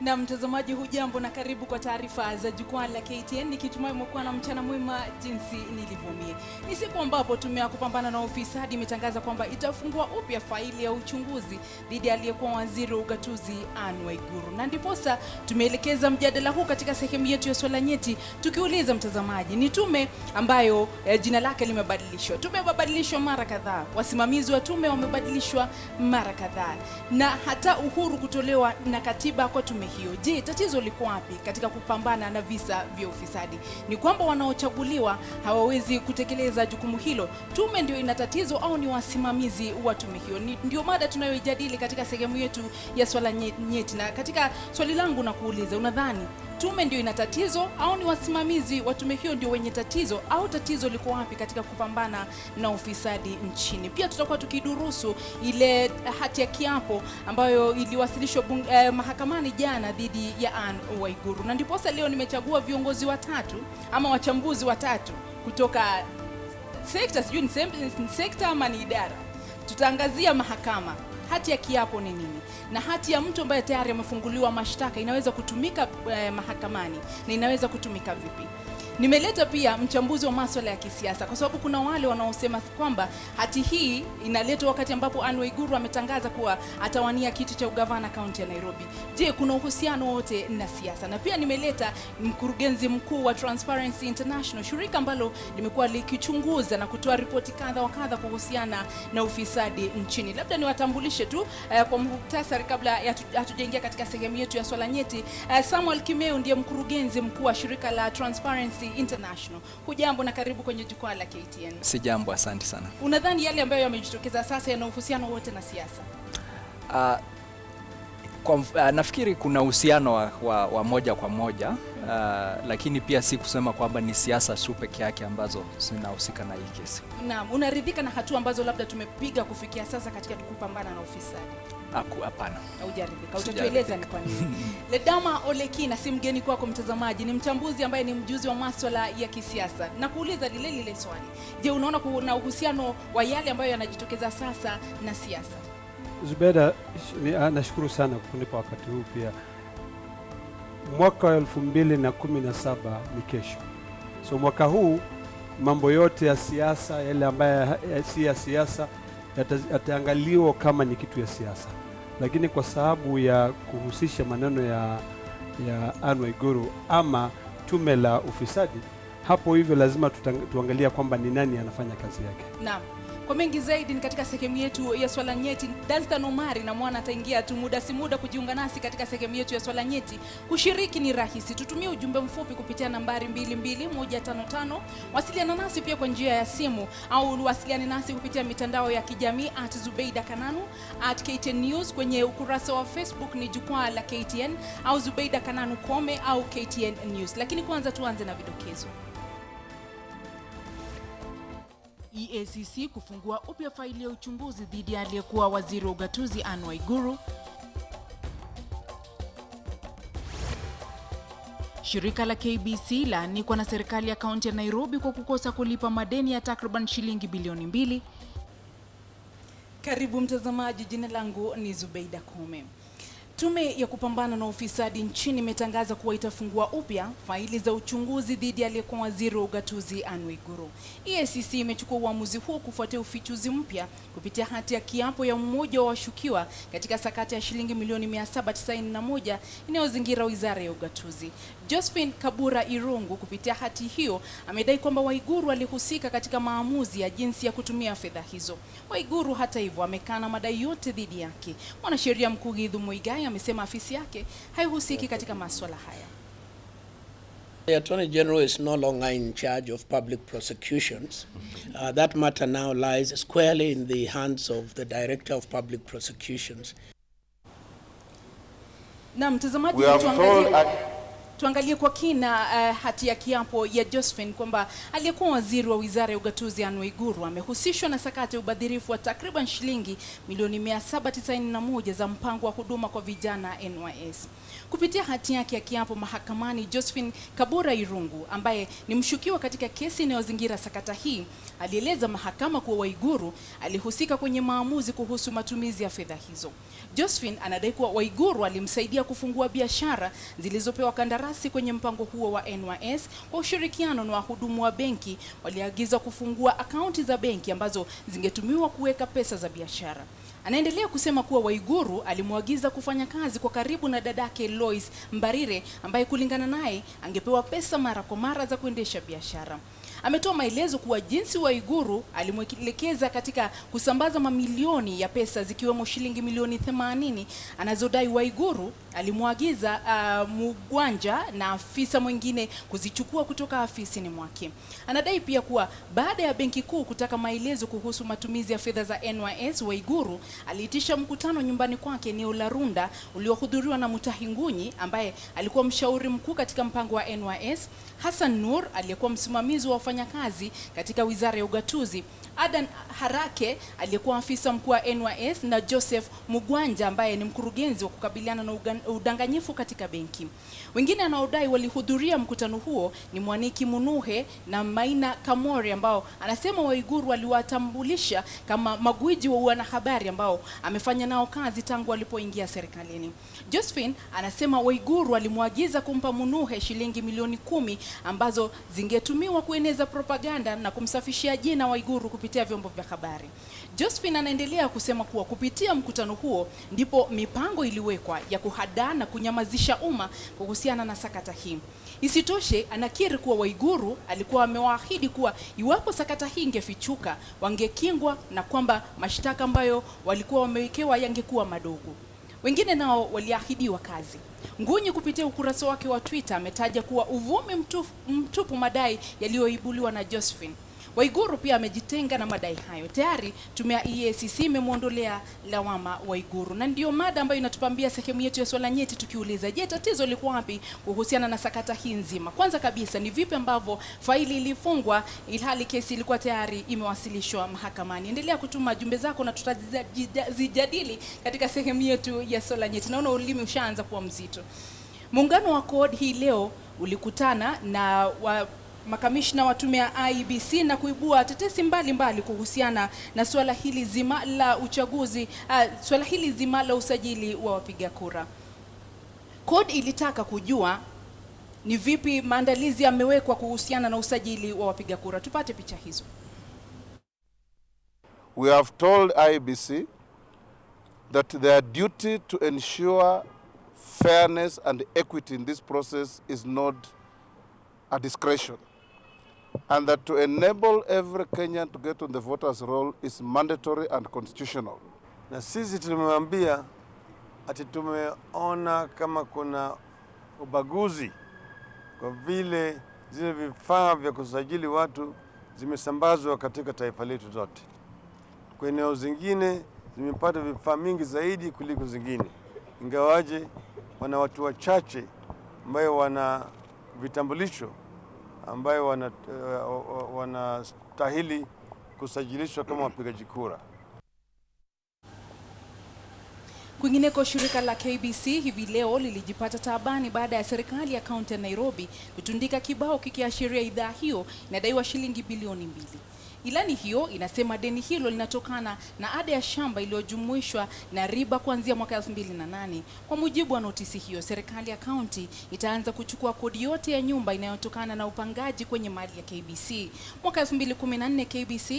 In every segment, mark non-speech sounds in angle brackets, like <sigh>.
Na mtazamaji, hujambo na karibu kwa taarifa za jukwaa la KTN, nikitumai umekuwa na mchana mwema jinsi nilivyomie. Ni siku ambapo tume ya kupambana na ufisadi imetangaza kwamba itafungua upya faili ya uchunguzi dhidi ya aliyekuwa waziri wa ugatuzi Anne Waiguru, na ndiposa tumeelekeza mjadala huu katika sehemu yetu ya swala nyeti, tukiuliza mtazamaji, ni tume ambayo eh, jina lake limebadilishwa. Tume imebadilishwa mara kadhaa, wasimamizi wa tume wamebadilishwa mara kadhaa, na hata uhuru kutolewa na katiba kwa tume hiyo. Je, tatizo liko wapi katika kupambana na visa vya ufisadi? Ni kwamba wanaochaguliwa hawawezi kutekeleza jukumu hilo? Tume ndio ina tatizo au ni wasimamizi wa tume hiyo? Ndio mada tunayoijadili katika sehemu yetu ya swala nyeti, na katika swali langu na kuuliza, unadhani tume ndio ina tatizo au ni wasimamizi wa tume hiyo ndio wenye tatizo au tatizo liko wapi katika kupambana na ufisadi nchini? Pia tutakuwa tukidurusu ile hati ya kiapo ambayo iliwasilishwa eh, mahakamani jana dhidi ya an Waiguru, na ndiposa leo nimechagua viongozi watatu ama wachambuzi watatu kutoka sekta, sijui ni sekta ama ni idara, tutaangazia mahakama hati ya kiapo ni nini, na hati ya mtu ambaye tayari amefunguliwa mashtaka inaweza kutumika eh, mahakamani na inaweza kutumika vipi? Nimeleta pia mchambuzi wa maswala ya kisiasa, kwa sababu kuna wale wanaosema kwamba hati hii inaletwa wakati ambapo Anne Waiguru ametangaza kuwa atawania kiti cha ugavana kaunti ya Nairobi. Je, kuna uhusiano wote na siasa? Na pia nimeleta mkurugenzi mkuu wa Transparency International, shirika ambalo limekuwa likichunguza na kutoa ripoti kadha wa kadha kuhusiana na ufisadi nchini. Labda niwatambulishe tu uh, kwa muhtasari kabla hatujaingia katika sehemu yetu ya swala nyeti. Uh, Samuel Kimeu ndiye mkurugenzi mkuu wa shirika la Transparency International. Hujambo na karibu kwenye jukwaa la KTN. Si jambo, asante sana. Unadhani yale ambayo yamejitokeza sasa yana uhusiano wote na siasa? Uh, kwa, uh, nafikiri kuna uhusiano wa, wa, wa moja kwa moja uh, lakini pia si kusema kwamba ni siasa tu peke yake ambazo zinahusika na hii kesi. Naam, unaridhika na hatua ambazo labda tumepiga kufikia sasa katika kupambana na ufisadi? Hapana, haujaridhika. Utatueleza ni <laughs> kwa nini. Ledama Olekina si mgeni kwako mtazamaji, ni mchambuzi ambaye ni mjuzi wa maswala ya kisiasa. Nakuuliza lile lile swali, je, unaona kuna uhusiano wa yale ambayo yanajitokeza sasa na siasa? Zubeda, ah, nashukuru sana kunipa wakati huu. Pia mwaka wa elfu mbili na kumi na saba ni kesho, so mwaka huu mambo yote ya siasa yale ambayo si ya siasa yataangaliwa kama ni kitu ya siasa, lakini kwa sababu ya kuhusisha maneno ya, ya Anne Waiguru ama tume la ufisadi hapo hivyo, lazima tuangalia kwamba ni nani anafanya kazi yake. Naam. Kwa mengi zaidi ni katika sehemu yetu ya swala nyeti. Danstan Omari na mwana ataingia tu muda si muda kujiunga nasi katika sehemu yetu ya swala nyeti. Kushiriki ni rahisi, tutumie ujumbe mfupi kupitia nambari 22155. Wasiliana nasi pia kwa njia ya simu au wasiliane nasi kupitia mitandao ya kijamii at Zubeida Kananu at KTN News, kwenye ukurasa wa Facebook ni jukwaa la KTN au Zubeida Kananu Kome au KTN News. Lakini kwanza tuanze na vidokezo. EACC kufungua upya faili ya uchunguzi dhidi ya aliyekuwa waziri wa ugatuzi Anne Waiguru. Shirika la KBC laanikwa na serikali ya kaunti ya Nairobi kwa kukosa kulipa madeni ya takriban shilingi bilioni mbili. Karibu mtazamaji, jina langu ni Zubeida Kume. Tume ya kupambana na ufisadi nchini imetangaza kuwa itafungua upya faili za uchunguzi dhidi ya aliyekuwa waziri wa ugatuzi Anne Waiguru. EACC imechukua uamuzi huo kufuatia ufichuzi mpya kupitia hati ya kiapo ya mmoja wa washukiwa katika sakata ya shilingi milioni 791 inayozingira wizara ya ugatuzi. Josephine Kabura Irungu kupitia hati hiyo amedai kwamba Waiguru walihusika katika maamuzi ya jinsi ya kutumia fedha hizo. Waiguru hata hivyo amekana madai yote dhidi yake. Mwanasheria mkuu Githu Muigai amesema afisi yake haihusiki katika masuala haya. The Attorney General is no longer in charge of public prosecutions. Uh, that matter now lies squarely in the hands of the Director of Public Prosecutions. Na mtazamaji, tuangalie tuangalie kwa kina uh, hati ya kiapo ya Josephine kwamba aliyekuwa waziri wa wizara ya ugatuzi Anne Waiguru amehusishwa na sakata ya ubadhirifu wa takriban shilingi milioni 791 za mpango wa huduma kwa vijana NYS. Kupitia hati yake ya kiapo mahakamani, Josephine Kabura Irungu ambaye ni mshukiwa katika kesi inayozingira sakata hii alieleza mahakama kuwa Waiguru alihusika kwenye maamuzi kuhusu matumizi ya fedha hizo. Josephine anadai kuwa Waiguru alimsaidia kufungua biashara zilizopewa kandarasi nafasi kwenye mpango huo wa NYS kwa ushirikiano na wahudumu wa benki waliagizwa kufungua akaunti za benki ambazo zingetumiwa kuweka pesa za biashara. Anaendelea kusema kuwa Waiguru alimwagiza kufanya kazi kwa karibu na dadake Lois Mbarire ambaye kulingana naye angepewa pesa mara kwa mara za kuendesha biashara ametoa maelezo kuwa jinsi Waiguru alimwelekeza katika kusambaza mamilioni ya pesa zikiwemo shilingi milioni 80 anazodai Waiguru alimwagiza uh, Mugwanja na afisa mwingine kuzichukua kutoka afisini mwake. Anadai pia kuwa baada ya Benki Kuu kutaka maelezo kuhusu matumizi ya fedha za NYS, Waiguru aliitisha mkutano nyumbani kwake eneo la Runda uliohudhuriwa na Mutahi Ngunyi ambaye alikuwa mshauri mkuu katika mpango wa NYS, Hassan Nur aliyekuwa msimamizi wa anayefanya kazi katika wizara ya ugatuzi, Adan Harake aliyekuwa afisa mkuu wa NYS na Joseph Mugwanja ambaye ni mkurugenzi wa kukabiliana na udanganyifu katika benki. Wengine anaodai walihudhuria mkutano huo ni Mwaniki Munuhe na Maina Kamore ambao anasema Waiguru waliwatambulisha kama magwiji wa wanahabari ambao amefanya nao kazi tangu alipoingia serikalini. Josephine anasema Waiguru alimwagiza kumpa Munuhe shilingi milioni kumi ambazo zingetumiwa kueneza za propaganda na kumsafishia jina Waiguru kupitia vyombo vya habari. Josephine anaendelea kusema kuwa kupitia mkutano huo ndipo mipango iliwekwa ya kuhadaa na kunyamazisha umma kuhusiana na sakata hii. Isitoshe, anakiri kuwa Waiguru alikuwa amewaahidi kuwa iwapo sakata hii ingefichuka wangekingwa na kwamba mashtaka ambayo walikuwa wamewekewa yangekuwa madogo. Wengine nao waliahidiwa kazi. Ngunyi kupitia ukurasa wake wa Twitter ametaja kuwa uvumi mtupu, mtupu madai yaliyoibuliwa na Josephine Waiguru pia amejitenga na madai hayo. Tayari tume ya EACC imemwondolea lawama Waiguru, na ndio mada ambayo inatupambia sehemu yetu ya swala nyeti, tukiuliza je, tatizo liko wapi kuhusiana na sakata hii nzima? Kwanza kabisa ni vipi ambavyo faili ilifungwa ilhali kesi ilikuwa tayari imewasilishwa mahakamani? Endelea kutuma jumbe zako na tutazijadili katika sehemu yetu ya swala nyeti. Naona ulimi ushaanza kuwa mzito. Muungano wa CORD hii leo ulikutana na wa makamishna wa tume ya IEBC na kuibua tetesi mbalimbali kuhusiana na suala hili zima la uchaguzi, uh, suala hili zima la usajili wa wapiga kura. CORD ilitaka kujua ni vipi maandalizi yamewekwa kuhusiana na usajili wa wapiga kura. Tupate picha hizo. We have told IEBC that their duty to ensure fairness and equity in this process is not a discretion and that to enable every Kenyan to get on the voters roll is mandatory and constitutional. Na sisi tulimwambia ati tumeona kama kuna ubaguzi kwa vile zile vifaa vya kusajili watu zimesambazwa katika taifa letu zote. Kwa eneo zingine zimepata vifaa mingi zaidi kuliko zingine, ingawaje wana watu wachache ambayo wana vitambulisho ambayo eh, wanastahili uh, wana kusajilishwa kama wapigaji kura. Kwingineko, shirika la KBC hivi leo lilijipata taabani baada ya serikali ya kaunti ya Nairobi kutundika kibao kikiashiria idhaa hiyo inadaiwa shilingi bilioni mbili. Ilani hiyo inasema deni hilo linatokana na ada ya shamba iliyojumuishwa na riba kuanzia mwaka 2008. Kwa mujibu wa notisi hiyo, serikali ya kaunti itaanza kuchukua kodi yote ya nyumba inayotokana na upangaji kwenye mali ya KBC. Mwaka 2014 KBC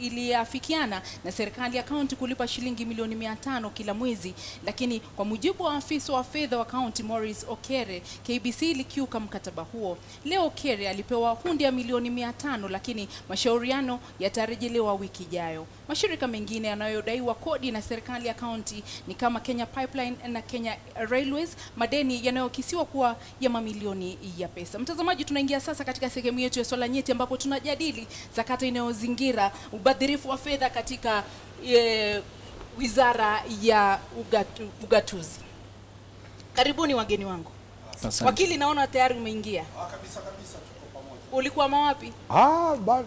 iliafikiana ili na serikali ya kaunti kulipa shilingi milioni 500 kila mwezi, lakini kwa mujibu wa afisa wa fedha wa kaunti Morris Okere, KBC ilikiuka mkataba huo. Leo Okere alipewa hundi ya milioni 500 lakini mashauriano 2025 yatarejelewa wiki ijayo. Mashirika mengine yanayodaiwa kodi na serikali ya kaunti ni kama Kenya Pipeline na Kenya Railways, madeni yanayokisiwa kuwa ya mamilioni ya pesa. Mtazamaji, tunaingia sasa katika sehemu yetu ya swala nyeti, ambapo tunajadili sakata inayozingira ubadhirifu wa fedha katika e, wizara ya ugatu, ugatuzi. Karibuni wageni wangu. Wakili, naona tayari umeingia. Ah, kabisa kabisa, tuko pamoja. Ulikuwa mawapi? Ah,